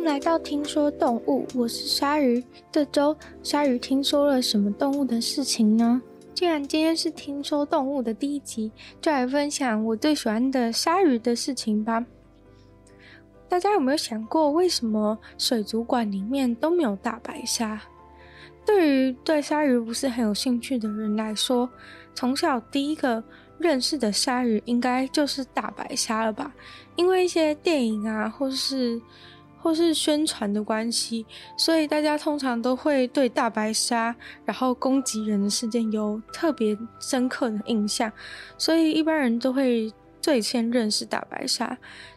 我們來到聽說動物，我是鯊魚。這週鯊魚聽說了什麼動物的事情呢？既然今天是聽說動物的第一集，就來分享我最喜歡的鯊魚的事情吧。大家有沒有想過，為什麼水族館裡面都沒有大白鯊？對於對鯊魚不是很有興趣的人來說，從小第一個認識的鯊魚應該就是大白鯊了吧？因為一些電影啊，或是或是宣傳的關係，所以大家通常都會對大白鯊，然後攻擊人的事件有特別深刻的印象，所以一般人都會最先認識大白鯊。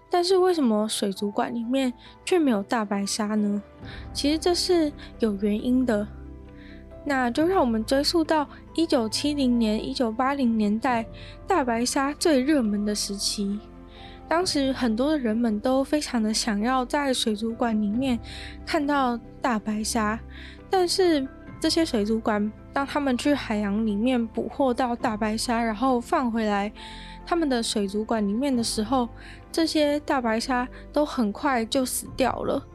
但是為什麼水族館裡面卻沒有大白鯊呢？其實這是有原因的，那就讓我們追溯到一九七零年、一九八零年代大白鯊最熱門的時期。當時很多的人們都非常的想要在水族館裡面看到大白鯊，但是這些水族館，當他們去海洋裡面捕獲到大白鯊，然後放回來他們的水族館裡面的時候，這些大白鯊都很快就死掉了。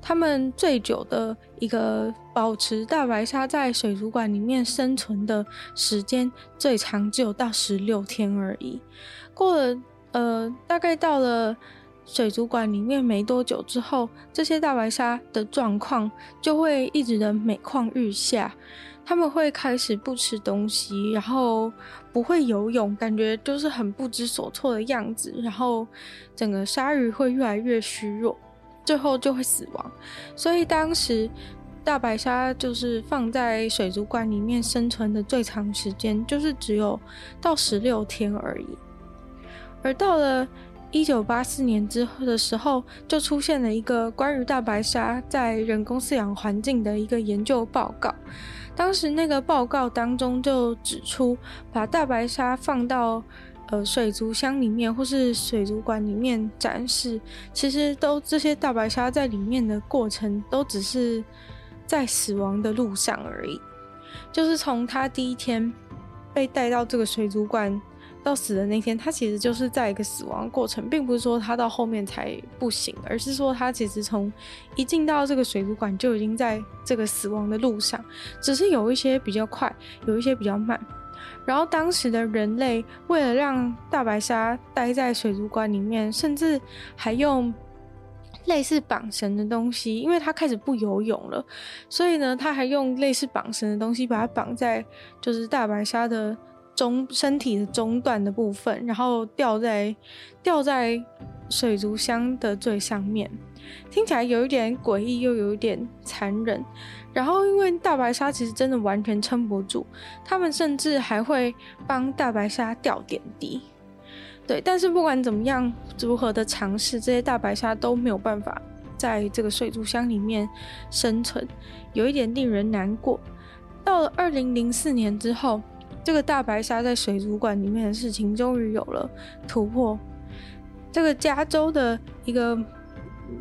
他們最久的一個保持大白鯊在水族館裡面生存的時間，最長只有到十六天而已，過了。呃，大概到了水族館裡面沒多久之後，這些大白鯊的狀況就會一直的每況愈下，他們會開始不吃東西，然後不會游泳，感覺就是很不知所措的樣子，然後整個鯊魚會越來越虛弱，最後就會死亡。所以當時大白鯊就是放在水族館裡面生存的最長時間，就是只有到十六天而已。而到了一九八四年之後的時候，就出現了一個關於大白鯊在人工飼養環境的一個研究報告。當時那個報告當中就指出，把大白鯊放到呃水族箱裡面或是水族館裡面展示，其實都這些大白鯊在裡面的過程都只是在死亡的路上而已。就是從它第一天被帶到這個水族館。到死的那天，他其實就是在一個死亡過程，並不是說他到後面才不行，而是說他其實從一進到這個水族館就已經在這個死亡的路上，只是有一些比較快，有一些比較慢。然後當時的人類為了讓大白鯊待在水族館裡面，甚至還用類似綁繩的東西，因為它開始不游泳了，所以呢，他還用類似綁繩的東西把它綁在就是大白鯊的。中身體的中段的部分，然後掉在掉在水族箱的最上面，聽起來有一點詭異，又有一點殘忍。然後因為大白鯊其實真的完全撐不住，他們甚至還會幫大白鯊吊點滴。對，但是不管怎麼樣，如何的嘗試，這些大白鯊都沒有辦法在這個水族箱裡面生存，有一點令人難過。到了二零零四年之後，這個大白鯊在水族館裡面的事情終於有了突破。這個加州的一個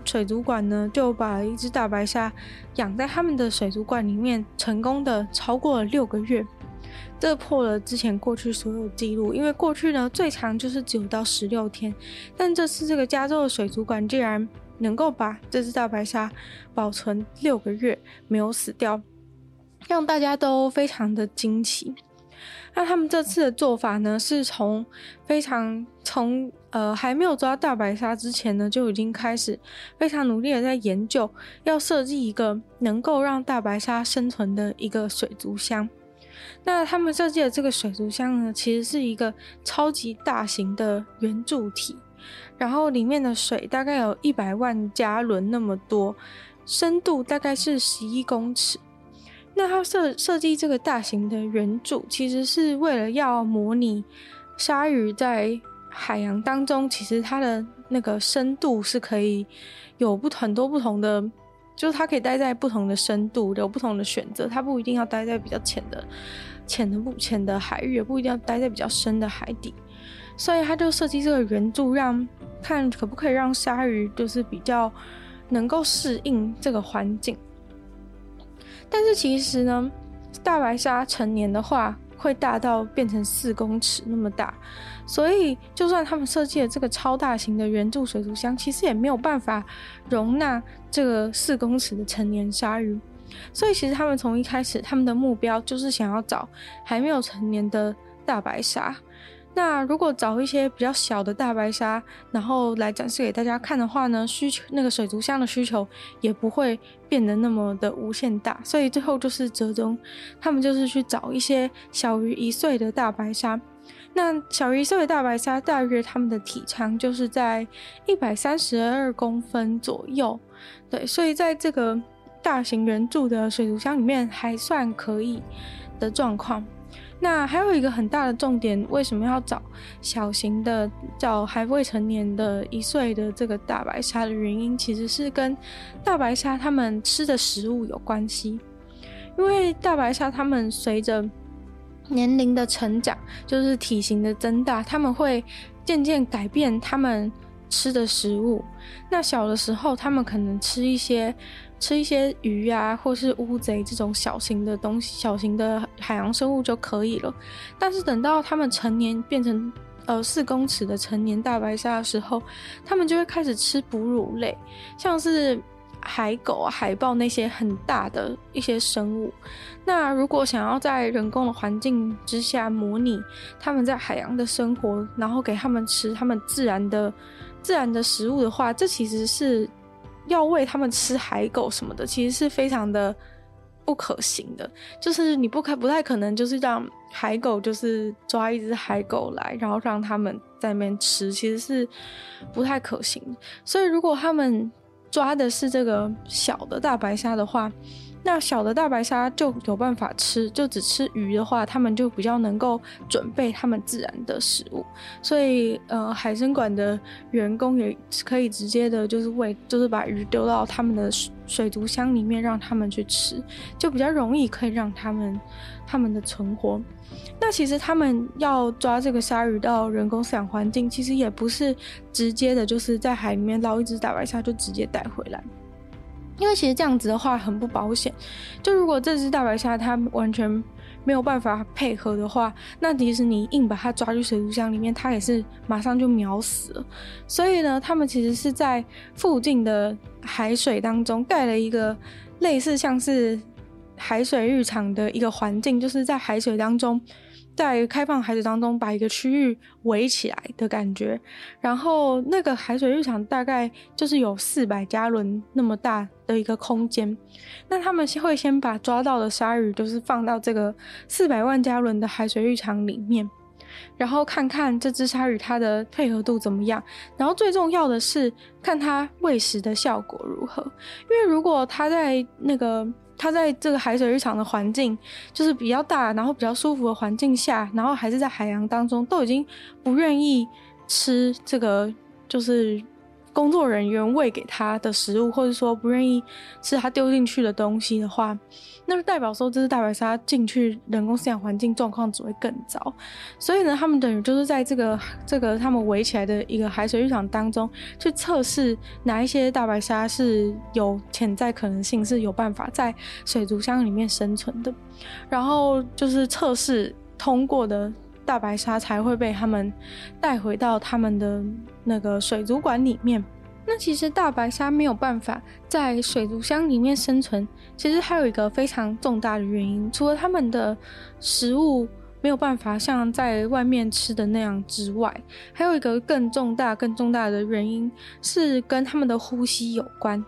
水族館呢，就把一隻大白鯊養在他們的水族館裡面，成功的超過了六個月，這個、破了之前過去所有記錄。因為過去呢，最長就是九到十六天，但這次這個加州的水族館竟然能夠把這隻大白鯊保存六個月沒有死掉，讓大家都非常的驚奇。那他們這次的做法呢，是從非常從呃還沒有抓大白鯊之前呢，就已經開始非常努力的在研究，要設計一個能夠讓大白鯊生存的一個水族箱。那他們設計的這個水族箱呢，其實是一個超級大型的圓柱體，然後裡面的水大概有一百萬加侖那麼多，深度大概是十一公尺。但他設設計這個大型的圓柱，其實是為了要模擬鯊魚在海洋當中，其實它的那個深度是可以有不很多不同的，就是它可以待在不同的深度，有不同的選擇，它不一定要待在比較淺的、淺的不淺的海域，也不一定要待在比較深的海底，所以他就設計這個圓柱，讓看可不可以讓鯊魚就是比較能夠適應這個環境。但是其實呢，大白鯊成年的話會大到變成四公尺那麼大，所以就算他們設計了這個超大型的圓柱水族箱，其實也沒有辦法容納這個四公尺的成年鯊魚。所以其實他們從一開始，他們的目標就是想要找還沒有成年的大白鯊。那如果找一些比較小的大白鯊，然後來展示給大家看的話呢，需求那個水族箱的需求也不會變得那麼的無限大，所以最後就是折中，他們就是去找一些小於一歲的大白鯊。那小於一歲的大白鯊大約他們的體長就是在一百三十二公分左右，對，所以在這個大型圓柱的水族箱裡面還算可以的狀況。那還有一個很大的重點，為什麼要找小型的、找還未成年的一歲的這個大白鯊的原因，其實是跟大白鯊它們吃的食物有關係。因為大白鯊它們隨着年齡的成長，就是體型的增大，他們會漸漸改變他們。吃的食物，那小的時候，他們可能吃一些吃一些魚啊，或是烏賊這種小型的東西，小型的海洋生物就可以了。但是等到他們成年，變成呃四公尺的成年大白鯊的時候，他們就會開始吃哺乳類，像是海狗、海豹那些很大的一些生物。那如果想要在人工的環境之下模擬他們在海洋的生活，然後給他們吃他們自然的。自然的食物的話，這其實是要餵他們吃海狗什麼的，其實是非常的不可行的。就是你不可、不太可能，就是讓海狗、就是抓一隻海狗來，然後讓他們在那邊吃，其實是不太可行。所以如果他們抓的是這個小的大白鯊的話，那小的大白鯊就有辦法吃，就只吃魚的話，他們就比較能夠準備他們自然的食物，所以呃，海生館的員工也可以直接的，就是餵，就是把魚丟到他們的水水族箱裡面，讓他們去吃，就比較容易可以讓他們他們的存活。那其實他們要抓這個鯊魚到人工飼養環境，其實也不是直接的，就是在海裡面撈一隻大白鯊就直接帶回來。因為其實這樣子的話很不保險，就如果這只大白鯊它完全沒有辦法配合的話，那即使你硬把它抓進水族箱裡面，它也是馬上就秒死了。所以呢，他們其實是在附近的海水當中蓋了一個類似像是海水浴場的一個環境，就是在海水當中。在開放海水當中把一個區域圍起來的感覺，然後那個海水浴場大概就是有四百加侖那麼大的一個空間，那他們會先把抓到的鯊魚就是放到這個四百萬加侖的海水浴場裡面，然後看看這隻鯊魚它的配合度怎麼樣，然後最重要的是看它餵食的效果如何，因為如果它在那個它在這個海水浴場的環境，就是比較大，然後比較舒服的環境下，然後還是在海洋當中，都已經不願意吃這個，就是。工作人員餵給它的食物，或者說不願意吃它丟進去的東西的話，那就代表說這隻大白鯊進去人工飼養環境狀況只會更糟。所以呢，他們等於就是在這個這個他們圍起來的一個海水浴場當中，去測試哪一些大白鯊是有潛在可能性是有辦法在水族箱裡面生存的，然後就是測試通過的。大白鯊才會被他們帶回到他們的那個水族館裡面。那其實大白鯊沒有辦法在水族箱裡面生存，其實還有一個非常重大的原因，除了他們的食物沒有辦法像在外面吃的那樣之外，還有一個更重大、更重大的原因是跟他們的呼吸有關。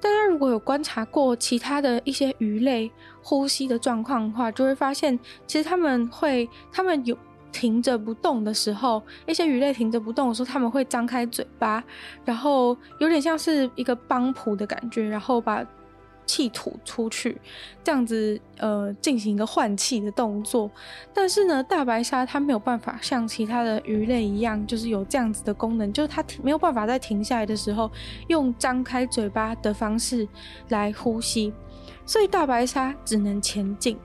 大家如果有觀察過其他的一些魚類呼吸的狀況的話，就會發現，其實他們會，他們有停着不動的時候，一些魚類停着不動的時候，他們會張開嘴巴，然後有點像是一個幫浦的感覺，然後把。氣吐出去，這樣子呃進行一個換氣的動作。但是呢，大白鯊它沒有辦法像其他的魚類一樣，就是有這樣子的功能，就是它沒有辦法在停下來的時候用張開嘴巴的方式來呼吸，所以大白鯊只能前進。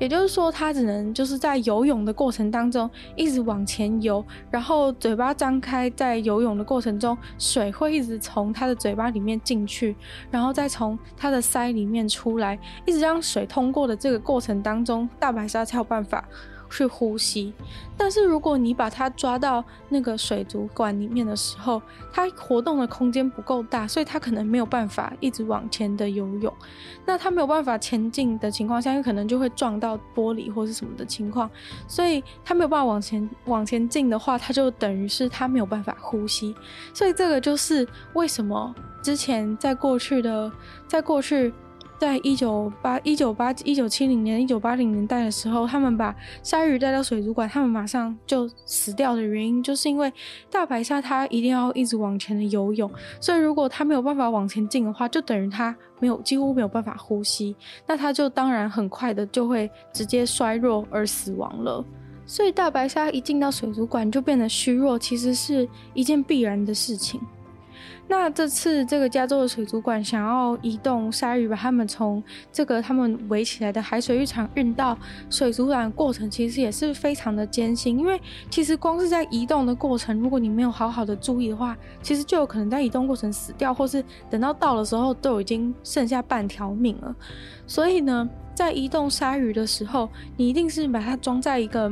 也就是說，他只能就是在游泳的過程當中一直往前游，然後嘴巴張開，在游泳的過程中，水會一直從他的嘴巴裡面進去，然後再從他的腮裡面出來，一直讓水通過的這個過程當中，大白鯊才有辦法。去呼吸，但是如果你把它抓到那個水族館裡面的時候，它活動的空間不夠大，所以它可能沒有辦法一直往前的游泳。那它沒有辦法前進的情況下，有可能就會撞到玻璃或是什麼的情況。所以它沒有辦法往前往前進的話，它就等於是它沒有辦法呼吸。所以這個就是為什麼之前在過去的，在過去。在一九八一九八一九七零年一九八零年代的時候，他們把鯊魚帶到水族館，他們馬上就死掉的原因，就是因為大白鯊它一定要一直往前游泳，所以如果它沒有辦法往前進的話，就等於它沒有，幾乎沒有辦法呼吸，那它就當然很快的就會直接衰弱而死亡了。所以大白鯊一進到水族館就變得虛弱，其實是一件必然的事情。那這次這個加州的水族館想要移動鯊魚，把它們從這個他們圍起來的海水浴場運到水族館的過程其實也是非常的艱辛。因為其實光是在移動的過程，如果你沒有好好的注意的話，其實就有可能在移動過程死掉，或是等到到的時候都已經剩下半條命了。所以呢，在移動鯊魚的時候，你一定是把它裝在一個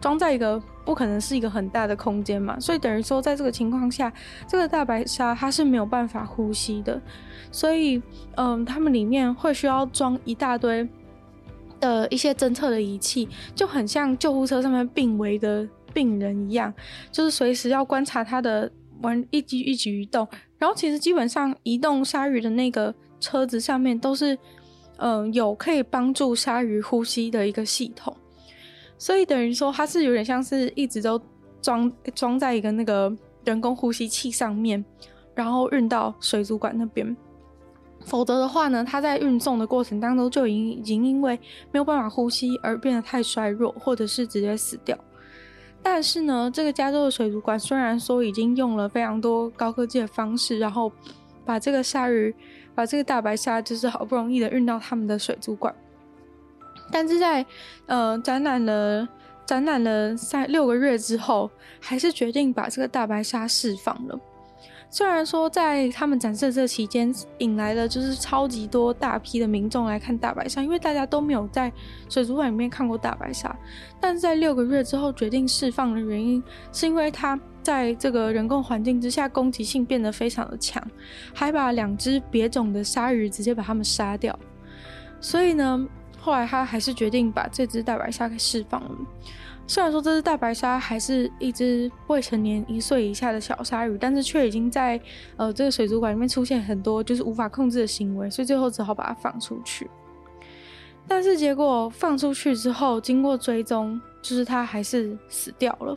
裝在一個。不可能是一個很大的空間嘛，所以等於說，在這個情況下，這個大白鯊它是沒有辦法呼吸的，所以，嗯，他們裡面會需要裝一大堆的一些偵測的儀器，就很像救護車上面病危的病人一樣，就是隨時要觀察它的玩，一舉一舉一動。然後，其實基本上移動鯊魚的那個車子上面都是，嗯，有可以幫助鯊魚呼吸的一個系統。所以等於說，它是有點像是一直都裝裝在一個那個人工呼吸器上面，然後運到水族館那邊。否則的話呢，它在運送的過程當中就已經已經因為沒有辦法呼吸而變得太衰弱，或者是直接死掉。但是呢，這個加州的水族館雖然說已經用了非常多高科技的方式，然後把這個鯊魚、把這個大白鯊，就是好不容易的運到他們的水族館。但是在，呃，展覽了展覽了三六個月之後，還是決定把這個大白鯊釋放了。雖然說在他們展示的這期間，引來了就是超級多大批的民眾來看大白鯊，因為大家都沒有在水族館裡面看過大白鯊。但是在六個月之後決定釋放的原因，是因為它在這個人工環境之下，攻擊性變得非常的強，還把兩隻別種的鯊魚直接把它們殺掉。所以呢。後來他還是決定把這隻大白鯊給釋放了。雖然說這隻大白鯊還是一隻未成年，一歲以下的小鯊魚，但是卻已經在呃這個水族館裡面出現很多就是無法控制的行為，所以最後只好把它放出去。但是結果放出去之後，經過追蹤，就是它還是死掉了，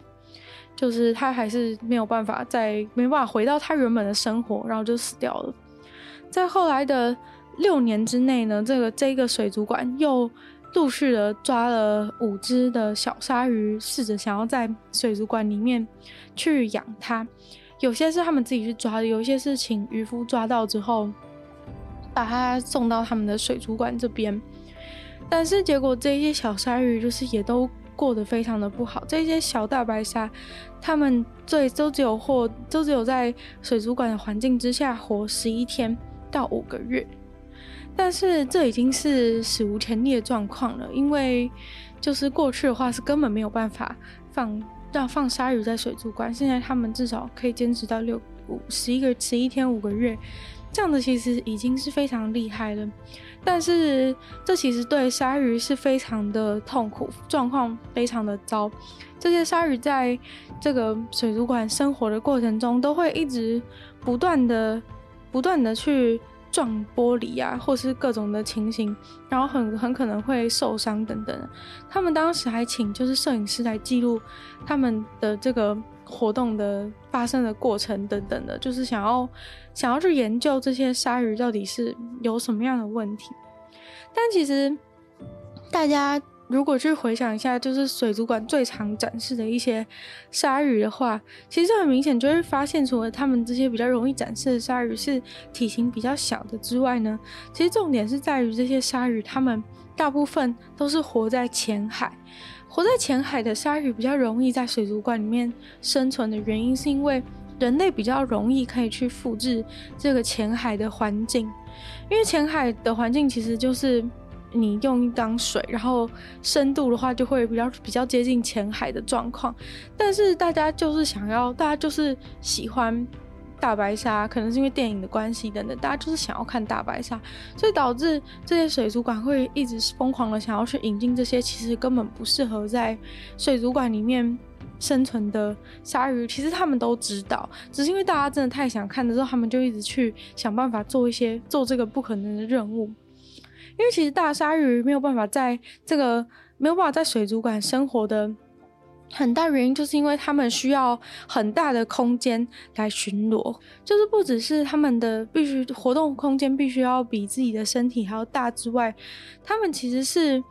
就是它還是沒有辦法再沒辦法回到他原本的生活，然後就死掉了。在後來的。六年之內呢，這個這個水族館又陸續的抓了五只的小鯊魚，試着想要在水族館裡面去養它。有些是他們自己去抓的，有些是請漁夫抓到之後，把它送到他們的水族館這邊。但是結果這些小鯊魚就是也都過得非常的不好。這些小大白鯊，他們最，都只有活，都只有在水族館的環境之下活十一天到五個月。但是這已經是史無前例的狀況了，因為就是過去的話是根本沒有辦法放，要放鯊魚在水族館，現在他們至少可以堅持到六五十一個十一天五個月，這樣子其實已經是非常厲害了。但是這其實對鯊魚是非常的痛苦，狀況非常的糟。這些鯊魚在這個水族館生活的過程中，都會一直不斷的不斷的去。撞玻璃啊，或是各種的情形，然後很很可能會受傷等等。他們當時還請就是攝影師來記錄他們的這個活動的發生的過程等等的，就是想要想要去研究這些鯊魚到底是有什麼樣的問題。但其實大家。如果去回想一下，就是水族館最常展示的一些鯊魚的話，其實這很明顯就會發現，除了他們這些比較容易展示的鯊魚是體型比較小的之外呢，其實重點是在於這些鯊魚，它們大部分都是活在淺海。活在淺海的鯊魚比較容易在水族館裡面生存的原因，是因為人類比較容易可以去複製這個淺海的環境，因為淺海的環境其實就是。你用一缸水，然後深度的話就會比較比較接近淺海的狀況。但是大家就是想要，大家就是喜歡大白鯊，可能是因為電影的關係等等，大家就是想要看大白鯊，所以導致這些水族館會一直瘋狂的想要去引進這些其實根本不適合在水族館裡面生存的鯊魚。其實他們都知道，只是因為大家真的太想看的時候，他們就一直去想辦法做一些做這個不可能的任務。因為其實大鯊魚沒有辦法在這個沒有辦法在水族館生活的很大原因，就是因為他們需要很大的空間來巡邏，就是不只是他們的必須活動空間必須要比自己的身體還要大之外，他們其實是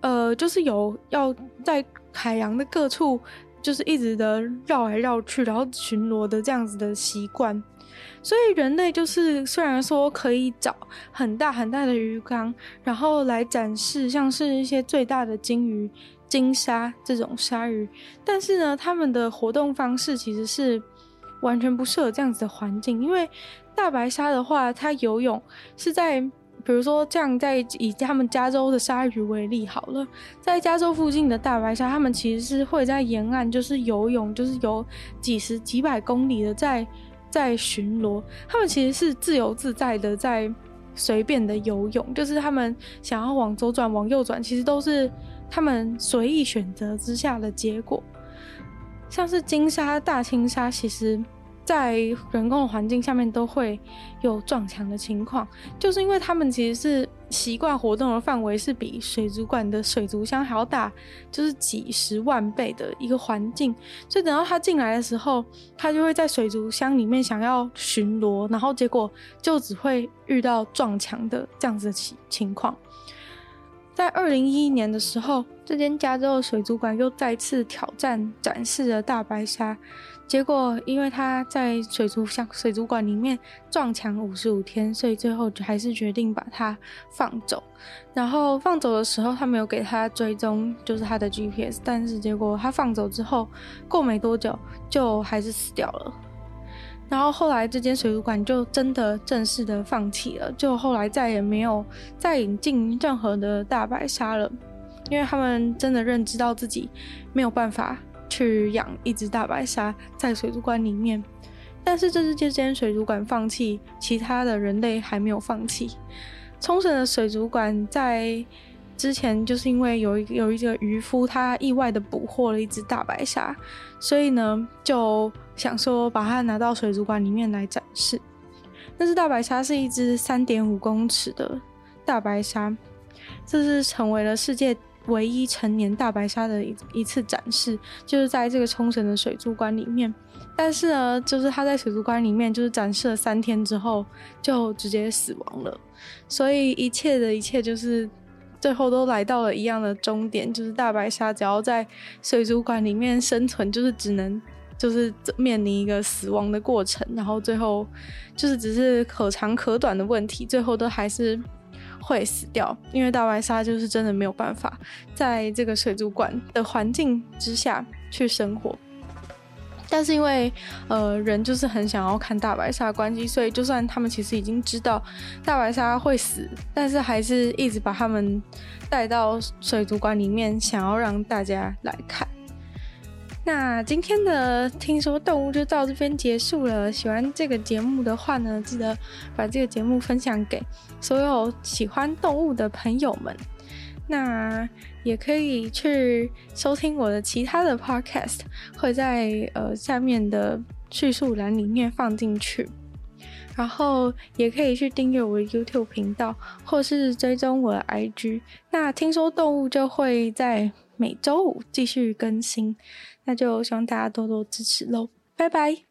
呃，就是有要在海洋的各處。就是一直的繞來繞去，然後巡邏的這樣子的習慣。所以人類就是雖然說可以找很大很大的魚缸，然後來展示像是一些最大的鯨魚、鯨鯊這種鯊魚，但是呢，他們的活動方式其實是完全不適合這樣子的環境。因為大白鯊的話，它游泳是在。比如說，這樣在以他們加州的鯊魚為例好了，在加州附近的大白鯊，他們其實是會在沿岸就是游泳，就是有幾十幾百公里的在在巡邏。他們其實是自由自在的在隨便的游泳，就是他們想要往左轉、往右轉，其實都是他們隨意選擇之下的結果。像是鯨鯊、大青鯊，其實。在人工的環境下面都會有撞牆的情況，就是因為他們其實是習慣活動的範圍是比水族館的水族箱還要大，就是幾十萬倍的一個環境，所以等到他進來的時候，他就會在水族箱裡面想要巡邏，然後結果就只會遇到撞牆的這樣子的情情況。在二零一一年的時候，這間加州的水族館又再次挑戰展示了大白鯊，結果因為他在水族箱、水族館裡面撞牆五十五天，所以最後就還是決定把它放走。然後放走的時候，他沒有給他追蹤，就是他的 GPS。但是結果他放走之後，過沒多久就還是死掉了。然後後來這間水族館就真的正式的放棄了，就後來再也沒有再引進任何的大白鯊了，因為他們真的認知到自己沒有辦法去養一隻大白鯊在水族館裡面。但是這隻這間水族館放棄，其他的人類還沒有放棄。沖繩的水族館在。之前就是因為有一有一個漁夫，他意外的捕獲了一隻大白鯊，所以呢就想說把它拿到水族館裡面來展示。那只大白鯊是一隻三點五公尺的大白鯊，這是成為了世界唯一成年大白鯊的一一次展示，就是在這個沖繩的水族館裡面。但是呢，就是它在水族館裡面就是展示了三天之後就直接死亡了，所以一切的一切就是。最後都來到了一樣的終點，就是大白鯊只要在水族館裡面生存，就是只能就是面臨一個死亡的過程，然後最後就是只是可長可短的問題，最後都還是會死掉，因為大白鯊就是真的沒有辦法在這個水族館的環境之下去生活。但是因為，呃，人就是很想要看大白鯊的關係。所以就算他們其實已經知道大白鯊會死，但是還是一直把他們帶到水族館裡面，想要讓大家來看。那今天的聽說動物就到這邊結束了。喜歡這個節目的話呢，記得把這個節目分享給所有喜歡動物的朋友們。那也可以去收聽我的其他的 podcast，會在呃下面的敘述欄裡面放進去。然後也可以去訂閱我的 YouTube 頻道，或是追蹤我的 IG。那聽說動物就會在每週五繼續更新，那就希望大家多多支持嘍！拜拜。